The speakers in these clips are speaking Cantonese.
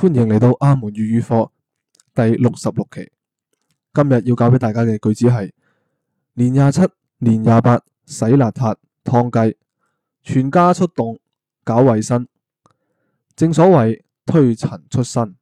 歡迎嚟到阿門粵語課第六十六期。今日要教俾大家嘅句子係：年廿七、年廿八，洗邋遢、劏雞，全家出動搞衛生。正所謂推塵出新，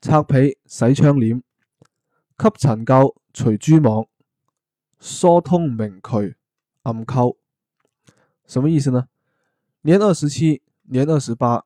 拆被、洗窗簾、吸塵垢、除蛛網、疏通明渠暗溝。什麼意思呢？年二十七、年二十八。